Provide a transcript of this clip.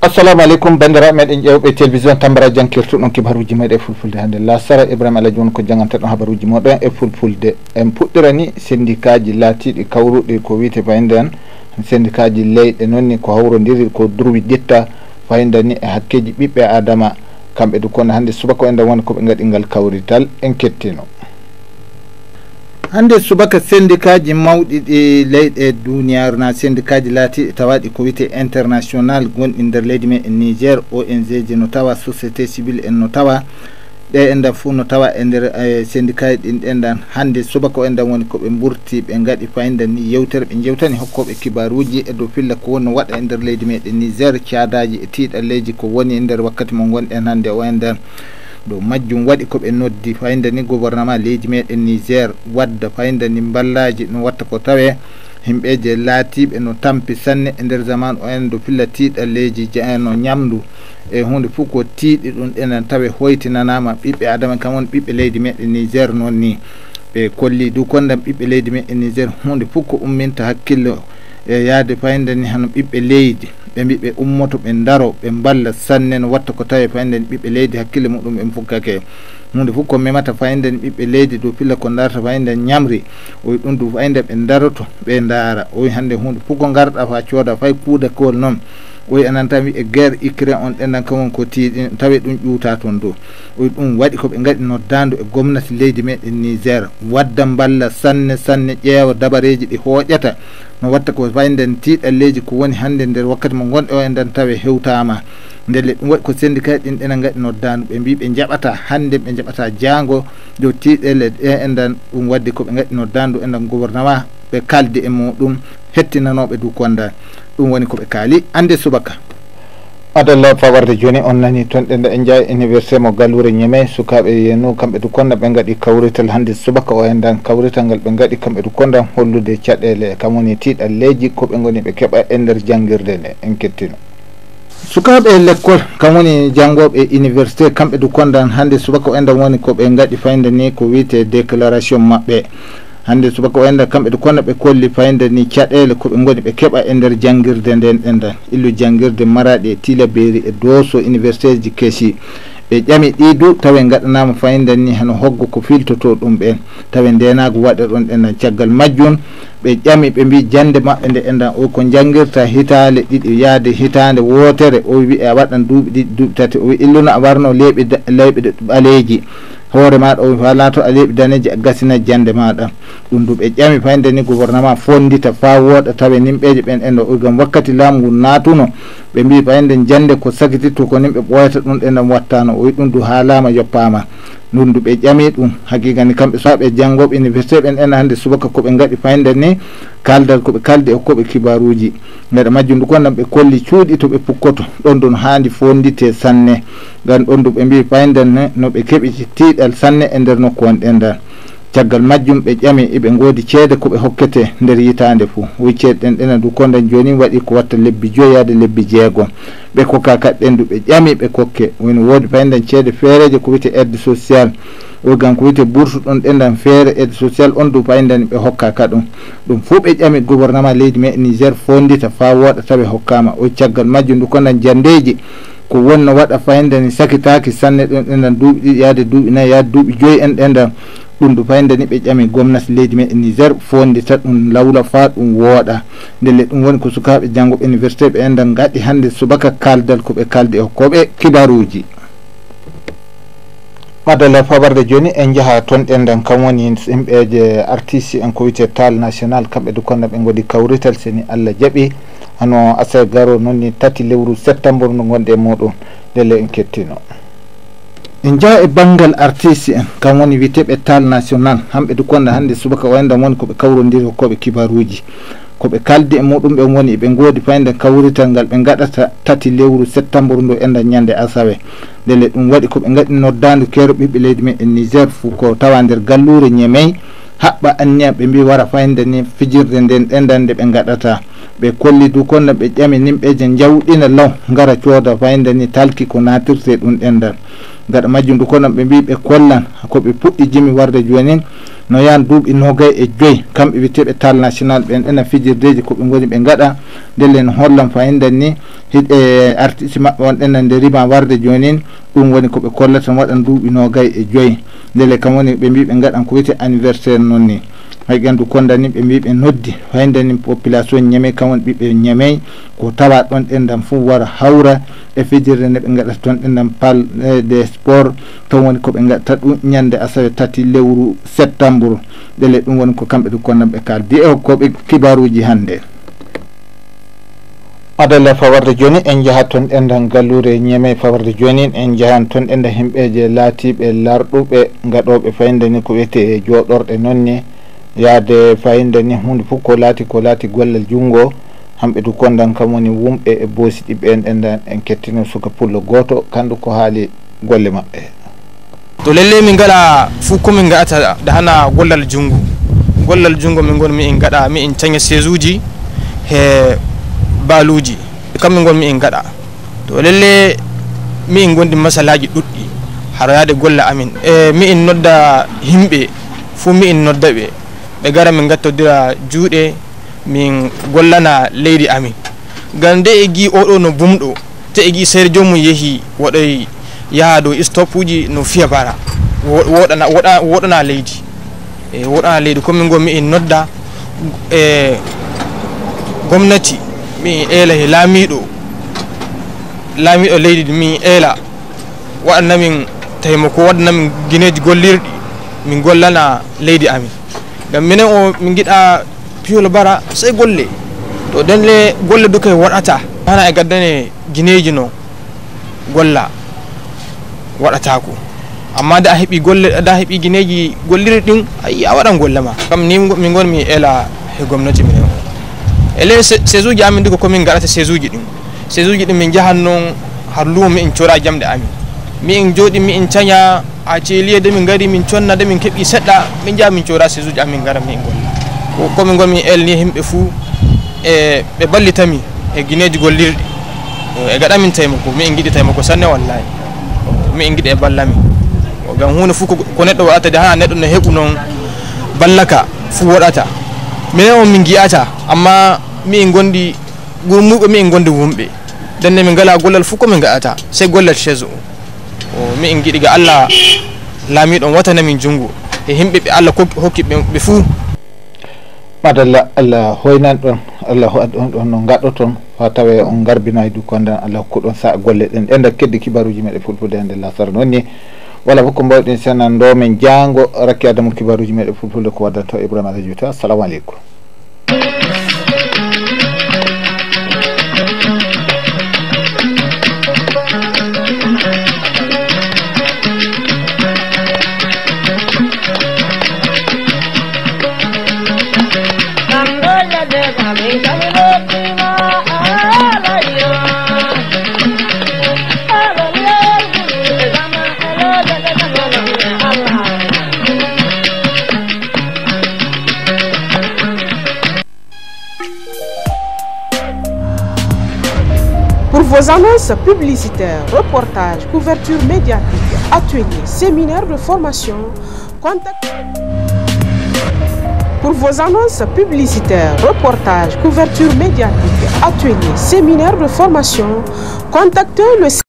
assalamu aleykum bandira meɗen ƴewɓe télévision tambara jankirtuɗon kibaruji meɗe e fulfulde hannde lasara ibrahima alaji won ko jangante ɗon habaruji moɗon e fulfulde en puɗɗira ni syndicat ji laatiɗi kawruɗi ko wiyete bayde en sendikaji leyɗe noon ni ko hawrodiri ko durwi ƴetta fayida ni e hakkeji ɓiɓɓe adama kamɓe ɗu kono hannde subaka enɗa woni koɓe gaɗingal kawrital en kettino hannde subaka sendikaji mawɗi ɗi leyɗe duniyaru na sendikaji laatiɗi e tawaɗi ko wiyete international gonɗi nder leydi men e niger ong ji no tawa société civile en no tawa ɗe enɗan fuu no tawa e nder e syndicat ɗin ɗenɗan hannde subaka enɗan woni koɓe mburti ɓe gaɗi fayida ni yewtere ɓe jewtani hokkoɓe kibaruji e dow filla ko woni waɗa e nder leydi meɗen niger caadaji e tiiɗalleji ko woni e nder wakkati mo gonɗen hannde o enɗan ɗo majjum waɗi koɓe noddi fayida ni gouvernement leydi meɗen niger wadda fayida ni ballaji no watta ko tawe himɓeje laatiɓe no tampi sanne e nder zaman o en do filla tiiɗalleji jeeno ñamdu e hunde fof ko tiiɗi ɗum ɗenen tawe hoytinanama ɓiɓɓe adama kam woni ɓiɓɓe leydi meɗe niger noon ni ɓe kolli du kondam ɓiɓɓe leydi meɗe niger hunde fof ko umminta hakkille e yaade payde ni hano ɓiɓɓe leydi ɓe mbi ɓe ummoto ɓe daro ɓe mballa sannen watta ko tawi fayinden ɓiɓɓe leydi hakkille muɗum ɓen fukkake hunde fof ko memata fayinden ɓiɓɓe leydi dow pilla ko darata fayinden ñamri oyi ɗum du fayinde ɓe daroto ɓe daara oyi hannde hunde fof ko garɗa fa cooda fay kuuda kol noon oyi anantami e guerre ucraine on ɗendan kamon ko tiiɗi tawi ɗum ƴuuta toon dow oyi ɗum waɗi koɓe gaɗi noddandu e gomnati leydi meɗen niger wadda mballa sanne sanne ƴeewa dabareji ɗi hooƴata no watta ko fayden tiiɗal leydi ko woni hannde nder wakkati mo gonɗo o e ndan tawe hewtama ndelle ɗum waɗi ko syndicat ɗin ɗenen gaɗi noddandu ɓe mbi ɓe jaɓata hannde ɓe jaɓata jaango yo tiiɗele ɗe e ndan ɗum wadde koɓe gaɗi noddandu e ndan gouvernement ɓe kalde e muɗum hettinanoɓe dow kondal ɗum woni ko ɓe kaali ande subaka adalla fawarde joni on nani toon ɗenda en jaa université mo galure ñeme sukaɓe yenu kamɓe dukonda ɓe gaɗi kawrital hande subaka o endan kawrital ngal ɓe gaɗi kamɓe dukondan hollude caɗele kam woni tiiɗalleji ko ɓe goni ɓe keɓa e nder janguirde nde en kettino sukaɓe l'école kam woni janngoɓe université kamɓe dukondan hande subaka o endan woni ko ɓe gaɗi fayde ni ko wiite déclaration maɓɓe hande subaka wayno kamɓe to kono ɓe kolli fayde ni caɗele koɓe goni ɓe keɓa e nder jangguirde nden ɗendan illu jangguirde maraɗi e tila beri e doso université ji keesi ɓe ƴami ɗiɗu tawa gaɗanama fayde ni hano hoggo ko filtoto ɗum ɓen tawa ndenago waɗa ɗon ɗendan caggal majjum ɓe ƴami ɓe mbi jande maɓɓe nde endan o ko jangguirta hitande ɗiɗi yaade hitande wootere o wi a waɗan duuɓi ɗiɗi duuɓi tati o wi illuno a warno leɓe leyɓe ɗe ɓaleji hoore maɗa o fa laato a leeɓi daneji a gasina jande maɗa ɗum ɗu ɓe ƴami fa nde ni gouvernement fondita fa wooɗa tawe nimɓeje ɓen en ɗo e gam wakkati laamu ngu naatuno ɓe mbi fa nde jande ko sakititto ko nimɓe ɓoyata ɗum ɗen ɗam wattano o wi ɗum du haa laama yoppama nunduɓe ƴame ɗum haqiqani kamɓe soɓe janggoɓe université ɓen en hande subaka koɓe gaɗi fayde ni kaldal koɓe kalde o koɓe kibaruji gaɗa majjum du ko nam ɓe kolli cuuɗi toɓe pukkoto ɗon ɗon hadi fondite sanne gan ɗon du ɓe mbi fayden ne noɓe keeɓi tiiɗal sanne e nder nokku wonɗen dan caggal majjum ɓe ƴami eɓe goodi ceede ko ɓe hokkete nder yitaande fuu wicceede ɗen ɗena du konden jooni waɗi ko watta lebbi joyaade lebbi jeego ɓe kokka kaɗɗen du ɓe ƴami ɓe kokke woni woodi payiden ceede feereje ko wiyte aide social oygan ko wiyte bursu ɗon ɗendan feere aide social on du payiden ɓe hokkaka ɗum ɗum fuu ɓe ƴami gouvernement leydi me niger fondita faa wooɗa tawa hokkama o caggal majjum du konden jandeji ko wonno waɗa fayindeni sakitaki sanne ɗon ɗendan duuɓi ɗiɗi yaade duuɓi nayi yaade duuɓi joyi en ɗendan ɗum ɗo fayde ni ɓe ƴami gomnati leydi meɗen nigér fonde tat ɗum lawla fa ɗum wooɗa ndele ɗum woni ko sukaɓe janngoɓe université ɓe enda gaɗi hannde subaka kaldal koɓe kalde e koɓe kibaruji madalla fabarde joni en jaaha toon ɗendan kam woni yimɓeje artiste en ko wiyte tal national kamɓe du konna ɓe gondi kawrital seni allah jaaɓi hano asa garo noon ni tati lewru septembre no gonɗe muɗum ndele en kettino en jawa e banggal artiste en kam woni witeɓe tal national hamɓe dukonda hannde subaka wayda woni koɓe kawrodiri hokkoɓe kibaruji koɓe kaldi e muɗum ɓe woni ɓe goodi fayde kawrital ngal ɓe gaɗata tati lewru septembre ndo enda ñande asawe ndele ɗum waɗi koɓe gaɗi noddadu keero ɓiɓɓe leydi me e niger fo ko tawa nder gallure ñemeyi haɓɓa anniya ɓe mbi wara fayde ni fijirde nden ɗendande ɓe gaɗata ɓe kolli dukonna ɓe ƴami nimɓeje jawɗina law gara cooda fayde ni talki ko natirte ɗum ɗendal gaɗa majjum ndu konon ɓe mbi ɓe kollan ko ɓe puɗɗi jimi warde joni no yan duuɓi nogay e joyi kamɓe witeɓe tal national ɓen ena fijirdeji koɓe gooni ɓe gaɗa ndellen hollan fayindan ni hie artiste maɓɓe on ena nde riba warde jonin ɗum woni koɓe kollata waɗan duuɓi nogay e joyi ndele kam woni ɓe mbi ɓe gaɗan ko wite anniversaire noon ni hay gandu kondani ɓe mbiɓe noddi haydani population ñame kamon ɓiɓe ñame ko tawa ɗon ɗendam fo wara hawra e fijirde nde ɓe gaɗata toon ɗendam pal e de sport taw woni koɓe gaɗata ɗum ñande asawe tati lewru septembre ɗele ɗum woni ko kamɓe ɗo kondan e ɓe kaldi e hokkoɓe kibaruji hannde adalla fawarde joni en jaha toon ɗendan gallure ñeme fawarde joni en jahan toon ɗenda himɓeje laatiɓe larɗuɓe gaɗoɓe fayde ni ko wiyete joɗorɗe noon ni yaade fayinde ni hunde fof ko laati ko laati gollal junngo hamɓe du kondan kamwoni wumɓe e boosi ɗi ɓen e nden en kettino suka pullo gooto kanndu ko haali golle maɓɓe to lelle min ngaɗa fof komin ngaata hana gollal junngo gollal junngo min ngon miin ngaɗa miin caña sege uji e baaluuji kamin ngon miin ngaɗa to lelle miin gondi masalaaji ɗuɗɗi haro yaade golle amin e miin nodda himɓe fof miin nodda ɓe ɓe gara min gattodira juuɗe min gollana leydi amin gam nde e gi oɗo no bumɗo te e gi seere jomum yeehi waɗoy yaha dow stop uji no fiya bara woɗana leydi e woɗana leydi commin go mi en nodda e gomnati mi eela he laamiɗo laamiɗo leydi mi eela waɗanamin taymako waɗanamin guineji gollirɗi min gollana leydi amin ngam minen o min giɗa piyol bara sai golle to le golle duka e waɗata hana e gaddane gineji no golla waɗatako amma da a golle da heeɓi gineji golliri ɗin ayi a waɗan golle ma kam ni min gon mi ela he gomnati minen o ele saison ji amin duka ko min gaɗata saison ji ɗin saison ji ɗin min jahan noon har lumo min cora jamɗe amin mi en jooɗi mi en caña a ceeliyede min ngari min connade min keɓi seɗɗa min jaha min cora sés uji amin ngara min golla ko komi gomi elni himɓe fou e ɓe ballitami e guineji gollirɗi e, e gaɗamin tawima ko mi en giɗi tawima ko sanne wallayi mi en giɗi e ballami gam hunde fou ko neɗɗo waɗata de ha neɗɗo no heɓu noon ballaka fou waɗata minen on min guiyata amma mi en gondi gurmuɓe mi en gondi wumɓe denne min ngala gollal fou komin gaɗata se gollal chaise o mi en giɗi ga allah laamiɗon watanamin junngo e himɓe ɓe allah hokki ɓe fuu ɓadalla allah hoynan ɗon allah hoan ɗon ɗon no gaɗo toon ha tawe on garbinaydu kondan allah hokku ɗon saa golle ɗen ɗenda keddi kibaruji meɗe fulfulde ande lasara noonni wala fof ko mbawɗen sena ndomen jaango rakki adamu kibaruji meɗe fulfulde ko waddanto ibrahima alaji wita assalamu aleykum Pour vos annonces publicitaires, reportages, couvertures médiatiques, ateliers, séminaires de formation, contactez... Pour vos annonces publicitaires, reportages, couvertures médiatiques, ateliers, séminaires de formation, contactez le